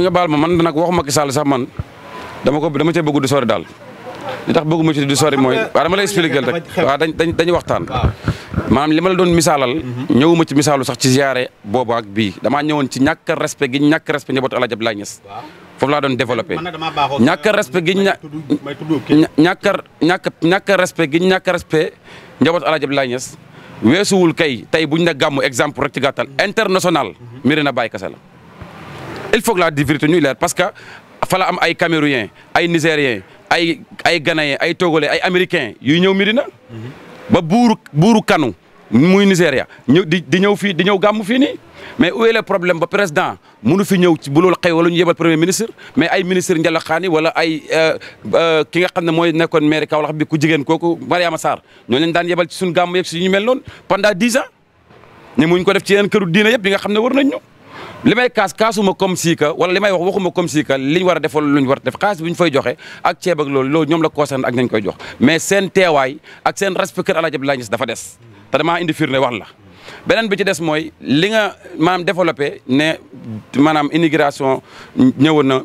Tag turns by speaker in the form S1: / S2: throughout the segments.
S1: mi nga baal ma man nag waxuma Macky Sall sax man dama ko dama cee bëgg di sori daal li tax bëgguma ci di sori mooy waaw dama lay expliquer rek waaw dañ dañu waxtaan maanaam li ma la doon misaalal mhm. ñëwuma ci misaalu sax ci ziare boobu ak bii damaa ñëwoon ci ñàkk respect gi ñàkk respect njabootu El Hadj Abdoulaye Niass foofu laa doon développé ñàkk respect gi ña ñàkk ñàkk ñàkk respect gi ñàkk respect njabootu El Hadj Abdoulaye Niass weesuwul kay tey buñ na gàmmu exemple rek ci gàttal mhm. international Médina mhm. na kese la il faut que la vérité ñuy leer parce que fala am ay Camerounais ay Nigériens ay ay Ghanéens ay Togolais ay Américains yuy ñëw Médina mhm. ba buuru buuru kanu muy Nigéria ñëw di di ñëw fii di ñëw gàmm fii nii mais où est le problème ba président mënu fi ñëw ci bu loolu xëy wala ñu yebal premier ministre mais ay ministre njalaxaani wala ay euh, euh, ki nga xam ne mooy nekkoon maire Kaolack bi ku jigéen kooku Mariama Sarr ñoo leen daan yebal ci suñu gàmm yeeg ñu mel noonu pendant dix ans ñu muñ ko def ci yeneen këru diina yëpp yi nga xam ne war nañ ñu li may kaas kaasuma comme si que wala li may wax waxuma comme si que liñ war a defal luñ war a def xaalis bi ñu joxe ak ceeb ak loolu loolu ñoom la concerne ak nañ koy jox mais seen teewaay ak seen respect kër El Hadj Abdoulaye dafa des te damaa indi firnde wax la beneen bi ci des mooy li nga maanaam développé ne maanaam immigration ñëwoon na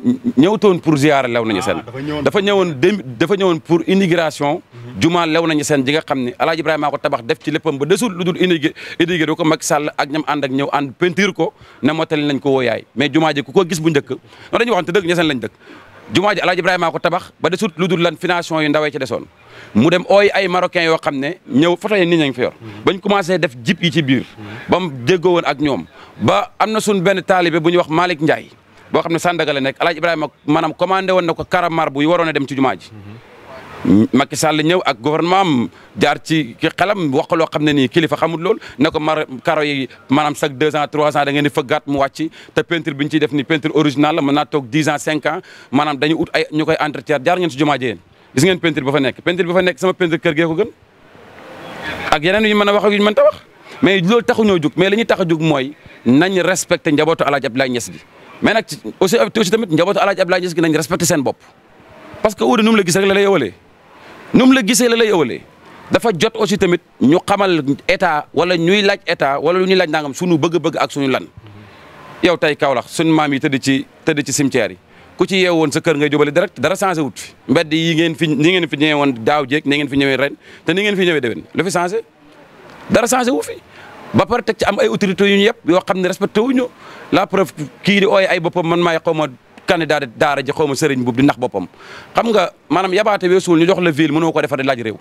S1: ñëwtoon pour ziyaara lew nañu seen ah, dafa ñëwoon dém dafa ñëwoon pour immigration mhm. juma lew nañu seen ji nga xam ne Alaaji Ibrahima ko tabax def ci léppam ba desu lu dul inigr inigre ko Macky Sall ak ñam ànd ak ñëw ànd peinture ko ne motali nañ ko wooyaay yaay juma ji ku ko gis bu njëkk noonu dañuy waxante dëgg ña seen lañ dëkk jumaa ji Alaaji Ibrahima ko tabax ba desut lu dul lan financement yu ndawee ci desoon mu dem ooy ay marocain yoo xam ne ñëw foto yi nit ña ngi fi yor bañ commencé def jip yi ci biir ba mu déggoo woon ak ñoom ba am na suñ benn taalibe bu ñuy wax Malick Ndiaye boo xam ne Sandaga la nekk Alaaji Ibrahima maanaam commandé woon na ko karamar bu waroon a dem ci jumaa ji Macky Sall ñëw ak gouvernement jaar ci xelam wax loo xam ne nii kilifa xamul lool na ko mar karo yi maanaam chaque deux ans trois ans da ngeen di fëggaat mu wàcc te peinture bi ñu def ni peinture originale la toog dix ans cinq ans maanaam dañu ut ay ñu koy entretien jaar ngeen si jumaa ji ngeen peinture ba fa nekk peinture ba fa nekk sama peinture kër gee gën ak yeneen yu mën a wax ak yu ñu mënta wax mais loolu taxuñoo jug mais li ñu tax a mooy nañ respecté njabootu El Hadj Abdoulaye Niass nu mu la gisee la lay ëwalee dafa jot aussi tamit ñu xamal état wala ñuy laaj état wala lu ñuy laaj nangam suñu bëgg-bëgg ak suñu lan yow tey Kaolack suñu maam yi tëdd ci tëdd ci cimetière yi ku ci yeew yeewoon sa kër ngay jubale direct dara changé wut fi mbedd yi ngeen fi ni ngeen fi ñëwee woon daaw jéeg ni ngeen fi ñëwee ren te ngeen fi ñëwee déwén lu fi changé dara changé wu fi ba pare tek ci am ay autorité yu ñu yëpp yoo xam ne respecté wuñu la preuve kii di ooy ay boppam man maay xaw ma candidat daara ji xaw ma sëriñ boobu di nax boppam xam nga maanaam yabaate weesuwul ñu jox la ville mënoo ko defar di laaj réew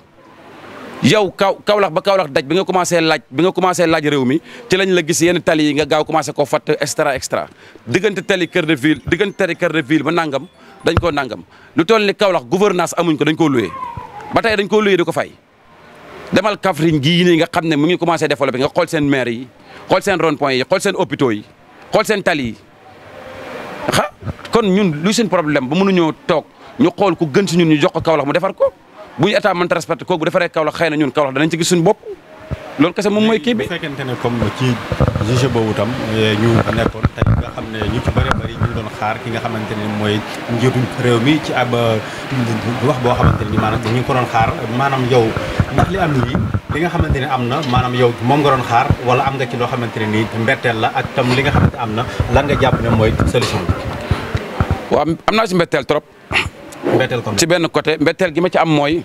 S1: yow kaw Kaolack ba Kaolack daj bi nga commencé laaj bi nga commencé laaj réew mi ci lañ la gis yenn tali yi nga gaaw commencé koo fatt extra extra diggante tali cœur de ville diggante tali cœur de ville ba nangam dañ koo nangam lu toll ni Kaolack gouvernance amuñ ko dañ koo loué ba tey dañ koo loué di ko fay demal Kaffrine gii nii nga xam ne mu ngi commencé développé nga xool seen maire yi xool seen rond point yi xool seen hôpitaux yi tali kon ñun luy seen problème ba mënuñoo toog ñu xool ku gën si ñun ñu jox ko Kaolack mu defar ko bu ñu état mënta kooku defaree Kaolack xëy na ñun Kaolack danañ ci
S2: bopp loolu kese moom mooy kii bi. ne comme ci juge boobu tam eh, ñu nekkoon tey xam ne ñu ci bëri bëri ñu doon xaar ki nga xamante ne mooy njiitu réew mi ci ab euh, wax boo xamante ni maanaam dañu ko doon xaar maanaam yow ndax li am nii li nga xamante ne am na maanaam yow moom nga doon xaar wala am nga ci loo xamante ne nii mbetteel la ak tam li nga xamante am na lan nga jàpp ne mooy solution bi. waaw am naa si mbeteel trop.
S1: mbetteel comme ci benn côté mbetteel gi ma ci am mooy.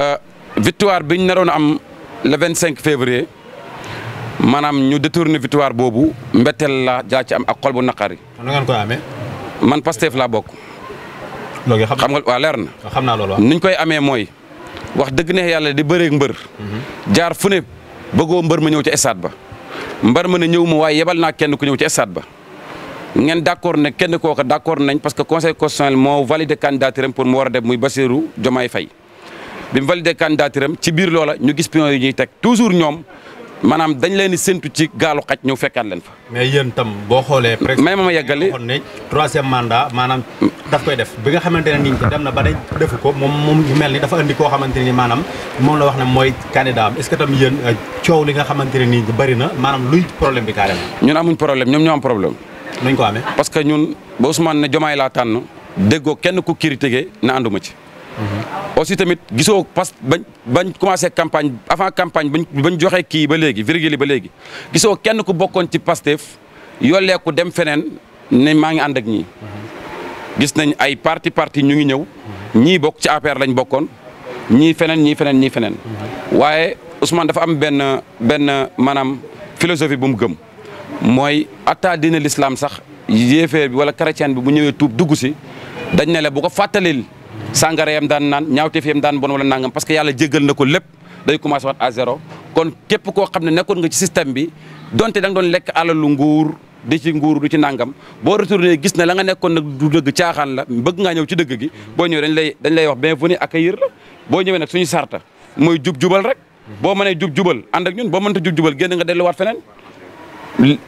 S1: Euh, victoire biñ ñu naroon am le vingt cinq février maanaam ñu détourné victoire boobu mbeteel laa jaa ci am ak xol bu naqari. nu ngeen ko man Pastef laa bokk. loolu xam nga waaw leer na. xam naa ni ñu koy amee mooy. wax dëgg neex yàlla di bëreeg mbër. Mhm. jaar fu ne bëggoo mbër ma ñëw ca stade ba. mbar ma na ñëw ma waaye yebal naa kenn ku ñëw ci stade ba. ngeen d' accord ne kenn kooka d' accord nañ parce que conseil constitutionnel moo validé candidaturam pour mu war a dem muy Bassirou Diomaye Faye bi mu validé candidaturam ci biir loola ñu gis pion yi ñuy teg toujours ñoom maanaam dañ leen di séntu ci gaalu xaj ñëw fekkaat leen fa.
S2: mais yéen tam boo xoolee. may ma ma yeggali waxoon ne troisième mandat maanaam daf koy def bi nga xamante ne nii dem na ba dañ defu ko moom moom mel ni dafa indi koo xamante ne maanaam moom la wax ne mooy candidat am est ce que tam yéen euh, coow li nii bari na maanaam luy problème bi
S1: ñoom ñoo problème. nuñ ko amee parce que ñun ba Ousmane ne Jomaay laa tànn déggoo kenn ku critiqué na ànduma ci. Mhm. aussi tamit gisoo parce bañ bañ commencé campagne avant campagne bañ bañ joxe kii ba léegi virgule ba léegi gisoo kenn ku bokkoon ci Pastef yolleeku dem feneen ne maa ngi ànd ak ñi mhm. gis nañ ay parti parti ñu ngi ñëw mhm. ñii bokk ci APR lañ bokkoon ñii feneen ñii feneen ñii feneen. waaye usman dafa am benn benn maanaam philosophie bu mu gëm. mooy atta diine l'islam sax yéeféer bi wala chrétien bi bu ñëwee tuub dugg si dañ ne la bu ko fàttalil sàngara yam daan naan ñaawteef yam daan bon wala nangam parce que yàlla jéggal na ko lépp day commencé waat a zéro kon képp ko xam ne nekkoon nga ci système bi donte da nga doon lekk alalu nguur di ci nguur du ci nangam boo retourné gis ne la nga nekkoon nag du dëgg caaxaan la bëgg ngaa ñëw ci dëgg gi boo ñëwee dañ lay dañ lay wax bienvenue accueillir la boo ñëwee nag suñu sarta mooy jub jubal rek boo mënee jub jubal ànd ak ñun boo mënta jub jubal génn nga waat feneen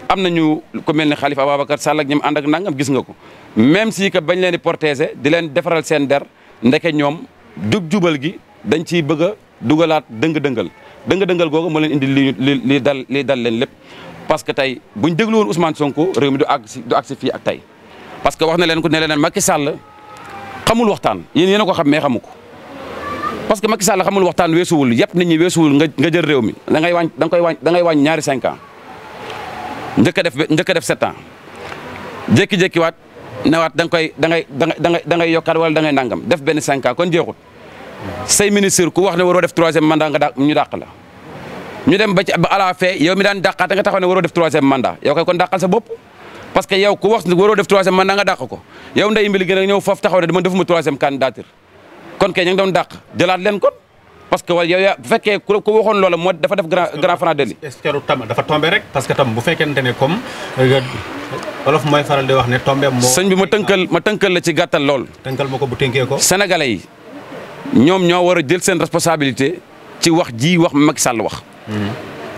S1: am na ñu ku mel ne Khalifa Ababacar Sall ak ñoom ànd ak nangam gis nga ko même si que bañ leen di protéger di leen defaral seen der ndeke ñoom jub jubal gi dañ ciy bëgg a dugalaat dëng-dëngal dëng-dëngal googu moo leen indi li li dal li dal leen lépp. parce que tey buñ déglu woon Ousmane Sonko réew mi du àgg si du àgg ak tey parce que wax na leen ko ne leen Macky xamul waxtaan yéen yéen ko xam mais xamu ko parce que Macky Sall xamul waxtaan weesuwul yëpp nit ñi weesuwul nga nga jël réew mi da ngay wàññi da koy wàññi da ngay ñaari cinq ans. njëkk a def njëkk a def sept ans jékki-jékki waat newaat da nga koy da ngay da ngay da ngay yokkaat wala da ngay nangam def benn cinq ans kon jeexut say ministre ku wax ne waroo def troisième mandat nga ñu dàq la. ñu dem ba ci ba à la fin yow mi daan dàqaate nga taxaw ne waroo def troisième mandat yow kay kon dàqal sa bopp parce que yow ku wax waroo def troisième mandat nga dàq ko yow ndey mbili gën a ñëw foofu taxaw ne dama defuma troisième candidature kon kay ñu ngi doon dàq jëlaat leen kon. parce que wala yow bu fekkee ku waxoon loola moo dafa def grand grand franc deli tam dafa tombé rek
S2: parce que tam bu fekkente ne comme
S1: wolof euh, mooy faral di wax ne tombé moo sëñ bi ma tënkal ma tënkal la ci gàttal lool tënkal ma ko bu tënkee ko sénégalais ñoom ñoo war a jël seen responsabilité ci wax ji wax Macky Sall wax mhm.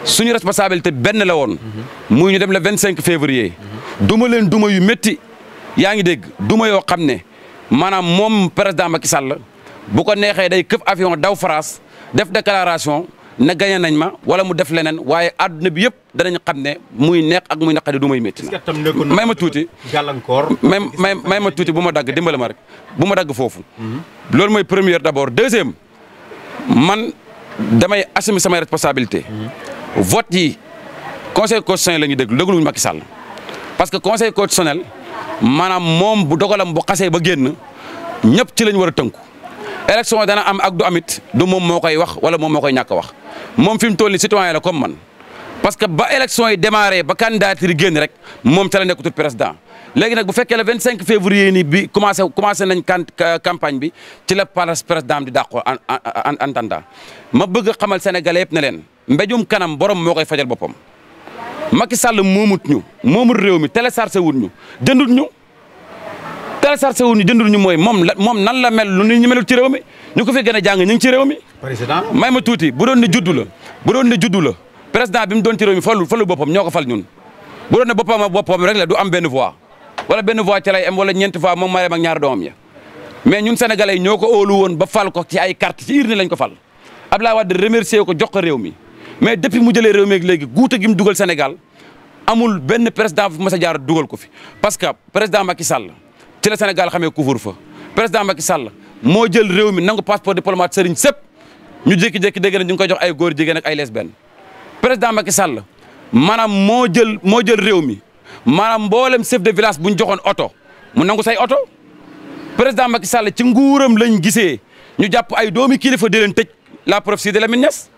S1: suñu responsabilité benn la woon mhm. muy ñu dem le vingt cinq février mhm. duma leen duma yu métti yaa ngi dégg duma yoo xam ne maanaam moom président Macky Sall bu ko neexee day këf avion daw France def déclaration na gagné nañ ma wala mu def leneen waaye àdduna bi yëpp danañ xam ne muy neex ak muy naqari du may métti
S2: na may
S1: ma tuuti gàllankoor may may ma tuuti bu ma dagg dimbale ma rek bu ma dagg foofu mhm. loolu mooy premiere d'abord deuxième man damay assumer samay responsabilité mhm. vote yi conseil constitutionnel la ñu déglu dégluwuñu Macky Sall parce que conseil constitutionnel maanaam moom bu dogalam bu xasee ba génn ñëpp ci lañ war a tënku élection dana am ak du amit du moom moo koy wax wala moo moo koy ñàkk wax moom fi mu toll nii citoyen la comme man parce que ba élection yi démarré ba candidature yi génn rek moom ca la nekkatul président léegi nag bu fekkee le 25 février ni bi commencé commencé nañ campagne bi ci la palace président di dàqoo en entendant ma bëgg a xamal sénégalais yëpp ne leen mbéjum kanam borom moo koy fajal boppam maki Sall moomut ñu moomut réew mi téléchargé wut ñu jëndut ñu. dara sarse wu ñu jëndul ñu moom la moom nan la mel lu ñu melul ci réew mi ñu ko fi gën a jàng ñu ngi ci réew may ma tuuti bu doon ne juddu la bu doon ne juddu la président bi mu doon ci réew mi falu falu boppam ñoo ko fal ñun bu doon ne boppam ak boppam rek la du am benn voix wala benn voix ci lay am wala ñeenti fois moom mareem ak ñaar doomam ya mais ñun sénégalais yi ñoo ko óolu woon ba fal ko ci ay carte ci urne lañ ko fal Abdoulaye Wade remercier ko jox ko réew mi mais depuis mu jëlee réew mi léegi guute gi mu dugal Sénégal amul benn président fu mas a jaar dugal ko fi parce que président Macky Sall ci la Sénégal xamee couvre-feu président Macky Sall moo jël réew mi nangu passeport diplomate sëriñ sëpp ñu jékki-jékki dégg na ñu ngi koy jox ay góor jigéen ak ay lesbiennes président Macky Sall maanaam moo jël moo jël réew mi maanaam mboolem chef de village bu ñu joxoon oto mu nangu say oto président Macky Sall ci nguuram lañ gisee ñu jàpp ay doomi kilifa di leen tëj la preuve Sidy Lamine Niass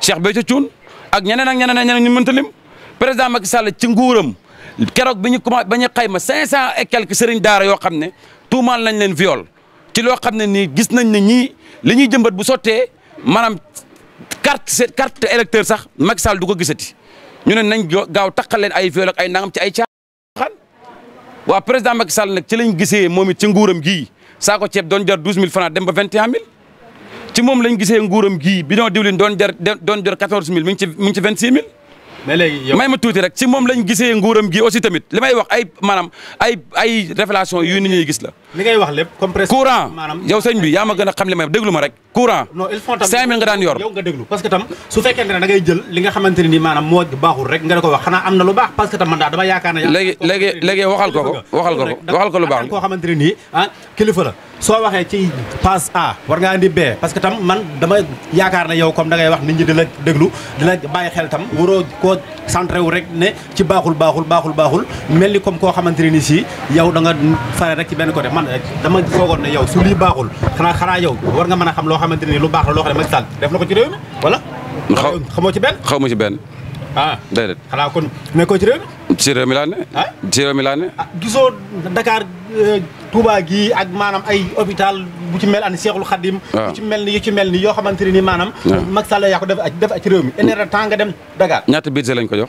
S1: Cheikh Béthio Thioune ak ñeneen ak ñeneen ak ñeneen ñu mënta lim président Macky Sall ci nguuram keroog bi ñu commencé ba ñu xayma cinq cent et quelques sëriñ daara yoo xam ne tuumaal nañ leen viol ci loo xam ne nii gis nañ ne ñii li ñuy jëmbat bu sottee maanaam carte carte électeur sax Macky saal du ko gisati ñu ne nañ gaaw taqal leen ay viol ay nangam ci ay caaxaan waa président Macky Sall nag ci lañ gisee moom it ci nguuram gii saako ceeb doon jar douze mille francs dem ba vingt et un mille ci moom lañ gisee nguuram gii bidon diwlin doon jar doon jar quatorze ci vingt six mais léegi yow may ma tuuti rek ci moom lañ gisee nguuram gi aussi tamit li may wax ay maanaam ay révélation yu ni gis la. ngay wax lépp comme presque.
S2: courant yow sëñ bi
S1: yaa gën a xam li
S2: may déglu ma rek. courant non il faut tam nga daan yor nga déglu ne da ngay li moo baaxul rek nga da ko wax xanaa am na lu baax parce que tam man daal dama yaakaar ne. léegi
S1: léegi léegi waxal ko ko waxal ko ko waxal ko lu
S2: baax ah, la koo soo waxee ci passe A war ngaa indi B parce que tam man dama yaakaar ne yow comme da ngay wax nit ñi di la déglu di la bàyyi xel tam waroo koo centré wu rek ne ci baaxul baaxul baaxul baaxul mel ni comme koo xamante ne ni si yow da nga fare rek ci benn côté man dama foogoon ne yow su lii baaxul xanaa xanaa yow war nga mën a xam loo xamante ni lu baax loo xam ne Macky def na ko ci réew mi wala
S1: xamoo ci benn xaw ma ci benn ah déedéet
S2: xanaa kon nekkoo ci réew
S1: ci réew mi laa ne. ah ci réew mi
S2: gii ak maanaam ay hôpital bu ci mel an Seexul Xadim. bu mel ni yu ci mel ni yoo xamante ne ni maanaam. Macky Sall yaa ko def a ci réew mi. énergie temps nga dem Dakar.
S1: ñaata budget lañ ko jox.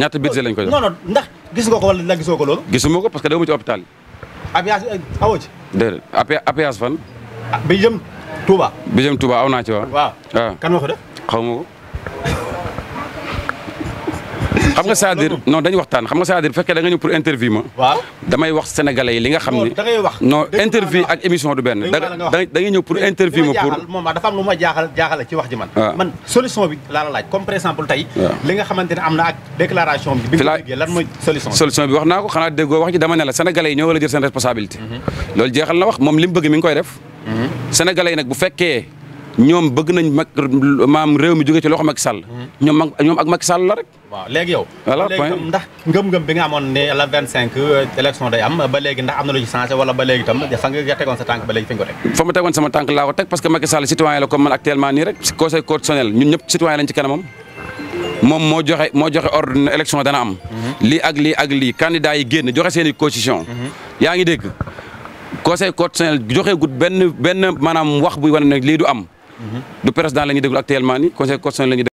S1: ñaata budget lañ ko jox.
S2: ndax gis nga ko wala la gisoo ko loolu.
S1: gisuma ko parce que dama ci hôpital yi.
S2: Abiyaas euh, awoo ci.
S1: déedéet Abiyaas fan. ah bi jëm Touba. bi jëm Touba naa ci waaw. waaw kan ma ko def xaw ma xam nga c'est-à-dire waxtaan xam nga cest bu fekkee da ñëw pour interview ma. damay wax sénégalais li nga xam ni. non interview ak émission wax ah.
S2: ah. na ak déclaration bi. bi lan mooy solution bi.
S1: solution bi wax naa ko xanaa déggoo wax dama ne la sénégalais yi a jël mhm. jeexal na wax moom li bëgg mi koy def. Mhm. sénégalais yi bu fekkee ñoom bëgg nañ mag maam réew mi jóge ci loxo Macky Sall. ñoom mag ñoom ak Macky Sall la rek. léegi yow. voilà léegi
S2: ndax ngëm-ngëm bi nga amoon ne la 25 euh, élection day am ba léegi ndax am na lu ci changé wala ba léegi tam fa nga tegoon sa tànk ba léegi fi nga ko
S1: teg. ma tegoon sama tànk laa ko teg parce que Macky Sall citoyen la comme man actuellement nii rek conseil constitutionnel ñun ñëpp citoyen lañ ci moom moo joxe moo joxe ordre ne élection dana am. Mhm. lii ak lii ak li candidat yi génn joxe seen i constitution. Mhm. yaa ngi dégg conseil constitutionnel joxe benn benn maanaam wax buy wane ne lii du am du président la ñuy déglu actuellement ni conseil constitutionnel